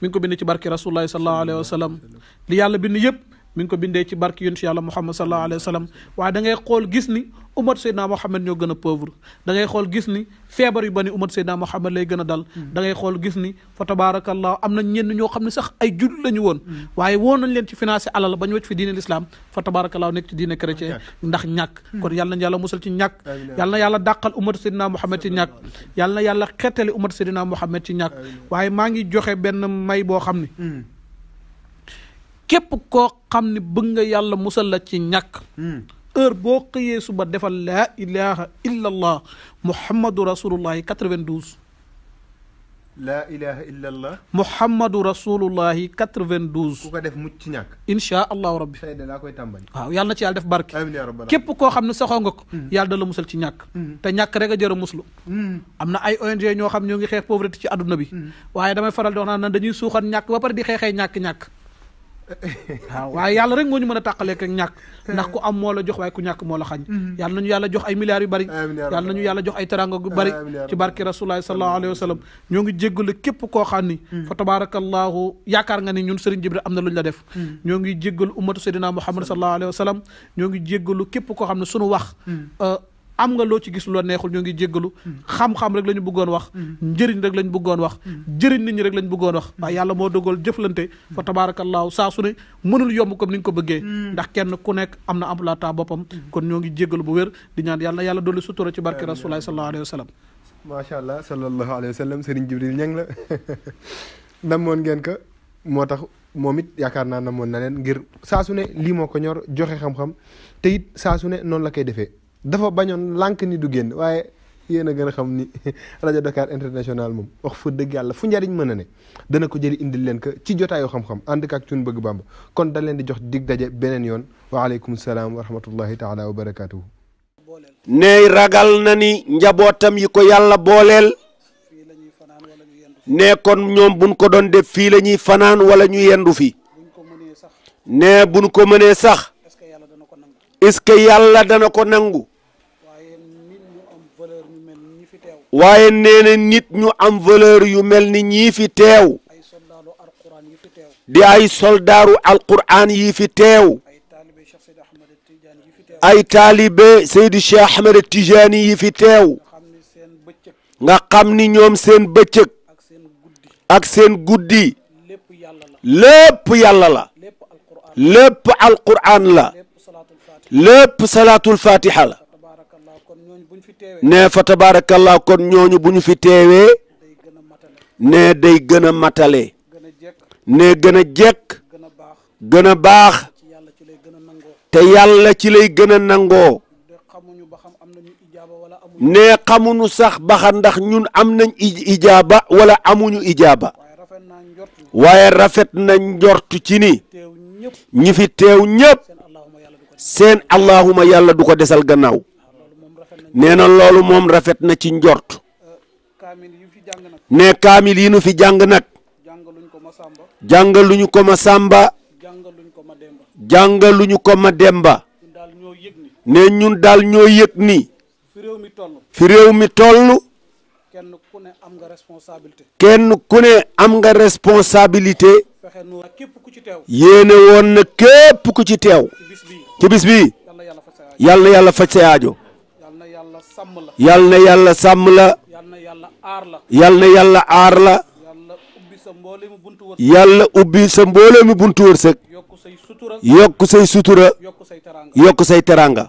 mi ngi ko bind ci barke rasulullahi sallallahu alayhi wa sallam mm. li yàlla bind yëpp mi ngi ko bindee ci barki yunus yàlla muhammad sallallahu alayhi wa sallam waaye da ngay xool gis ni umar seydina muhammad ñoo gën a pauvre da ngay xool gis ni feebar yu bani umar seydina muhammad lay gën a dal da ngay xool gis ni fa tabarakallah am na ñenn ñoo xam ne sax ay jul lañu woon waaye woon nañ leen ci financé alal ba ñu wacc fi diine l'islam fa tabarakallah nekk ci diine chrétien ndax ñàkk kon yàlla na yàlla musal ci ñàkk yàlla na yàlla dàqal umar seydina muhammad ci ñàkk yàlla na yàlla xetali umar seydina muhammad ci ñàkk waaye maa ngi joxe benn may boo xam ni képp koo xam ne bëgg nga yàlla musal la ci ñàkk heure boo xëyee suba defal laa ilaha illa allah muhammadu rasulullahi 92 laa ilaha illa allah muhammadu rasulullahi 92 ku ko def mucc ci ñàkk inchaa allahu rabbi tey de laa koy tàmbali waaw yàlla na ci yàlla def barke képp koo xam ne saxoo nga ko yàlla da la musal ci ñàkk te ñàkk rek a jër a muslu am na ay ONG ñoo xam ñoo ngi xeex pauvreté ci adduna bi waaye damay faral di wax naan dañuy suuxan ñàkk ba pare di xeexee ñàkk-ñàkk waaw waaye yàlla rek moo ñu mën a tàqalee ak ñàkk ndax ku am moo la jox waaye ku ñàkk moo la xañ mm-hmm. yàlla nañu a jox ay milliards yu bari yàlla nañu a jox ay teranga yu bari ci barki rasulullahi sallallahu alayhi wa sallam ñoo ngi jéggalu képp koo xam ni fa tabarakallahu yaakaar nga ni ñun Serigne Jibril am na luñ wax mm-hmm. euh, am nga loo ci gis loo neexul ñoo ngi jéggalu mm-hmm. xam-xam rek la ñu bëggoon wax mm-hmm. njëriñ rek la ñu bëggoon wax mm-hmm. jëriñ nit rek la ñu bëggoon wax yàlla moo dogal jëflante fa tabaarakallaahu saa su ne mënul yomb comme ni nga ko bëggee ndax kenn ku nekk am na emplata boppam kon ñoo ngi jéggalu bu wér di ñaan yàlla yàlla dolli sutura ci barke rasulullaah sallallaahu alayhi wa sallam macha allah sallallahu alayhi wa sallam Serigne Jibril ñang la namoon ngeen ko moo tax moom it yaakaar naa namoon na leen ngir saa su ne lii moo ko ñor joxe xam te it saa su ne noonu la koy defee dafa bañoon lank ni du génn waaye yéen a gën a xam ni rajo Dakar international moom wax fa dëgg yàlla fu njariñ mën a ne dana ko jëli indil leen ko ci jotaayu xam-xam ànd ak cun bëgg bàmba kon da leen di jox dig daje beneen yoon waaleykum salaam wa rahmatullahi taala wa barakaatuhu ne ragal na ni njabootam yi ko yàlla booleel ne kon ñoom buñ ko doon def fii lañuy fanaan wala ñu yendu fi ne buñ ko mënee sax est-ce que yàlla dana ko nangu waaye nee na nit ñu am valeur yu mel ni ñii fi teew di ay soldaaru alquraan yi fi teew ay taalibe Seydi Cheikh Ahmed Tijaani yi fi teew nga xam ni ñoom seen bëccëg ak seen guddi lépp yàlla la lépp alquraan la lépp salaatul fatiha la ne fa tabaarakallaa kon ñooñu bu ñu fi teewee ne day gën a matale ne gën a jekk gën a baax te yàlla ci lay gën a nangoo ne xamuñu sax baxa ndax ñun am nañ ijaaba wala amuñu ijaaba waaye rafet na njort ci ni ñi fi teew ñépp seen allahuma yàlla du ko desal gannaaw nee na loolu moom rafet na ci njort ne kaamil yi nu fi jàng nag jàngaluñu ko ma sàmba jàngaluñu ko ma demba ne ñun daal ñoo yëg ni fi réew mi toll kenn ku ne am nga responsabilité kenn ku ne am nga responsabilité yéene woon na képp ku ci teew ci bis bi yàlla yàlla faj sa aajo yal na yàlla sàmm la yal na yàlla aar la yàlla ubbi sa mbooloo mi buntu wërsëg yokk say sutura yokk say teraanga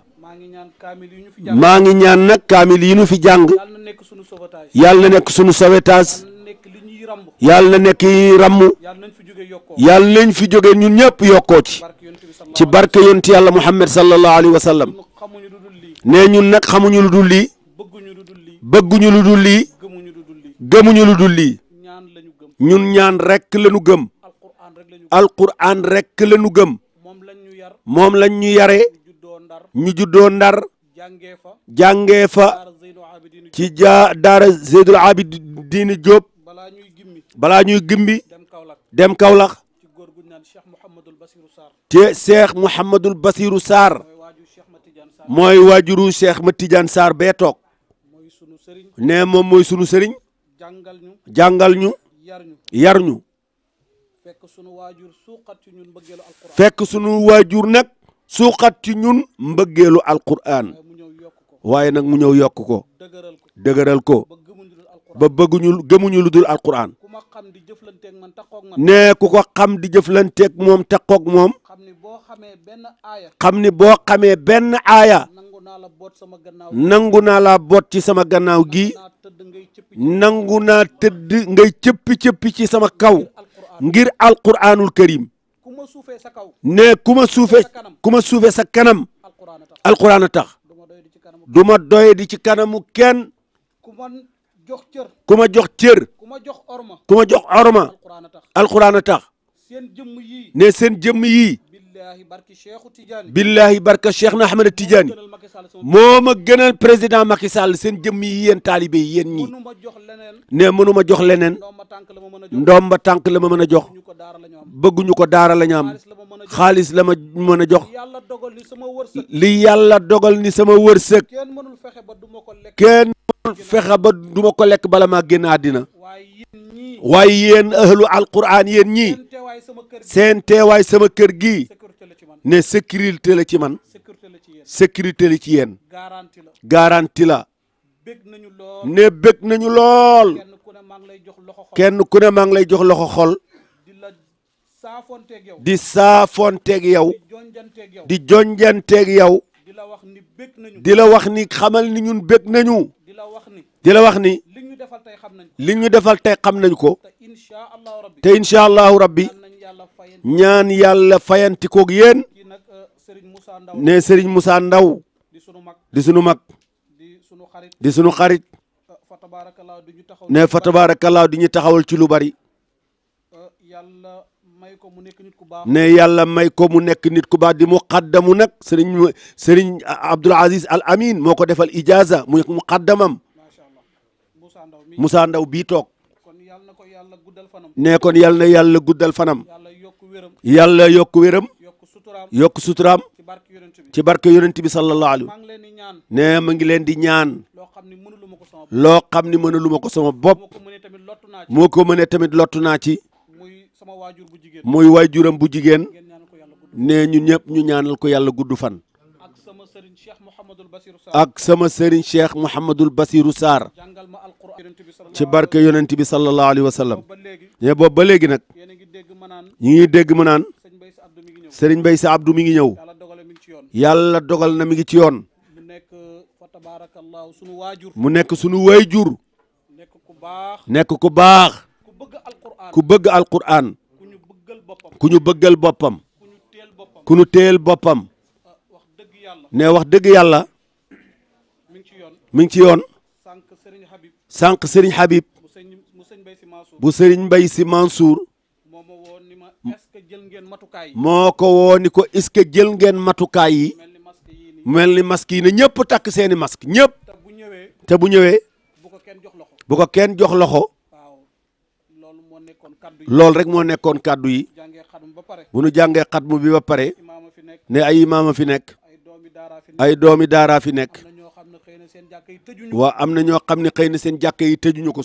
maa ngi ñaan nag kaamil yi ñu fi jàng yàlla na nekk sunu sauvetage yàlla na nekk yi ràmm yàlla nañ fi jóge ñun ñëpp yokkoo ci ci barke yonti yàlla muhammad sallallahu alayhi wa nee ñun nag xamuñu lu dul lii bëgguñu lu dul lii gëmuñu lu dul lii ñun ñaan rekk lañu gëm alquraan rekk lañu gëm moom lañ ñu yare ñu juddoo ndar jàngee fa ci ja daara Zeydul diin Jóob balaa ñuy gimbi dem Kawlax te Seex Muhammadul Basiru Saar mooy waajuru Cheikh ma Tidiane Sarr bee toog nee moom mooy sunu sëriñ jàngal ñu yar ñu fekk sunu waajur nag suuxat ci ñun mbëggeelu alquran waaye nag mu ñëw yokk ko dëgëral ko ba bëgguñu gëmuñu lu dul alquran ne ku ko xam di jëflanteeg moom takkoog moom xam ni boo xamee benn aaya nangu naa la boot ci sama gannaaw gi nangu naa tëdd ngay cëppi-cëppi ci sama kaw ngir alquraanul karim ne ku ma suufee ku ma suufee sa kanam alquraan a tax du ma doy di ci kanamu kenn ku ma jox cër ku ma jox orma alquraan a tax ne seen jëmm yi billahi barka Cheikh na Ahmed Tidiane moo ma gënal président Macky Sall seen jëmm yi yéen taalibe yi yéen ñii ne mënu ma jox leneen ndomba tànk la ma mën a jox bëgguñu ko daara la ñu am xaalis la ma mën a jox li yàlla dogal ni sama wërsëg kenn mënul fexe ba du ma ko lekk bala maa génn àddina waaye yéen ahlu alquran yéen ñii seen teewaay sama kër gi ne sécurité la ci man sécurité la ci yéen garanti la ne bég nañu lool kenn ku ne maa ngi lay jox loxo xol di saafonteeg yow di jonjanteeg yow di la wax ni xamal ni ñun bég nañu di la wax ni li ñu defal tey xam nañ ko te incha allahu rabbi ñaan yàlla fayanti koog yéen ne Serigne Moussa Ndaw di sunu mag di sunu xarit ne eh, fa tabaarakallaa di ñu taxawal ci lu bari eh, ne yàlla may ko mu nekk nit ku baax di mu xaddamu nag Serigne Serigne Abdoul Aziz Al Amin moo ko defal ijaza muy mu xaddamam Moussa Ndaw bii toog ne kon yàlla na yàlla guddal fanam yàlla yokk wéram yokk suturaam ci barke yonent bi sallallahu alayhi ne ma ngi leen di ñaan loo xam ni mëna lu ma ko sama bopp moo ko mënee tamit lottu naa ci muy waajuram bu jigéen nee ñu ñëpp ñu ñaanal ko yàlla gudd fan ak sama sëriñ cheikh Mouhamadul Basiru Sarr ci barke yonent bi sallallahu alayhi wa sallam ne boobu ba léegi nag ñu ngi dégg ma naan sëriñ Bay sa Abdu mi ngi ñëw yàlla dogal na mi ngi ci yoon mu nekk fa tabaarakallaahu sunu waajur mu nekk sunu waajur nekk ku baax nekk ku baax ku bëgg alquran ku bëgg alquran ku ñu bëggal boppam ku ñu bëggal boppam ku ñu teel boppam ku ñu teel boppam ah, wax dëgg yàlla ne wax dëgg yàlla mi ngi ci yoon mi ngi ci yoon sànq sëriñ Habib sànq sëriñ Habib bu sëriñ Mbay Si Mansour bu sëriñ Mbay Si Mansour moo ko woo ko est-ce que jël ngeen matukaay yi mel ni masque yi ne ñëpp takk seeni masque ñëpp te bu ñëwee bu ko kenn jox loxo loolu rek moo nekkoon kàddu yi bu nu jàngee xatmu bi ba pare ne ay imaama fi nekk ay doomi daaraa fi nekk waa am na ñoo xam ne xëy na seen jàkk yi tëjuñu ko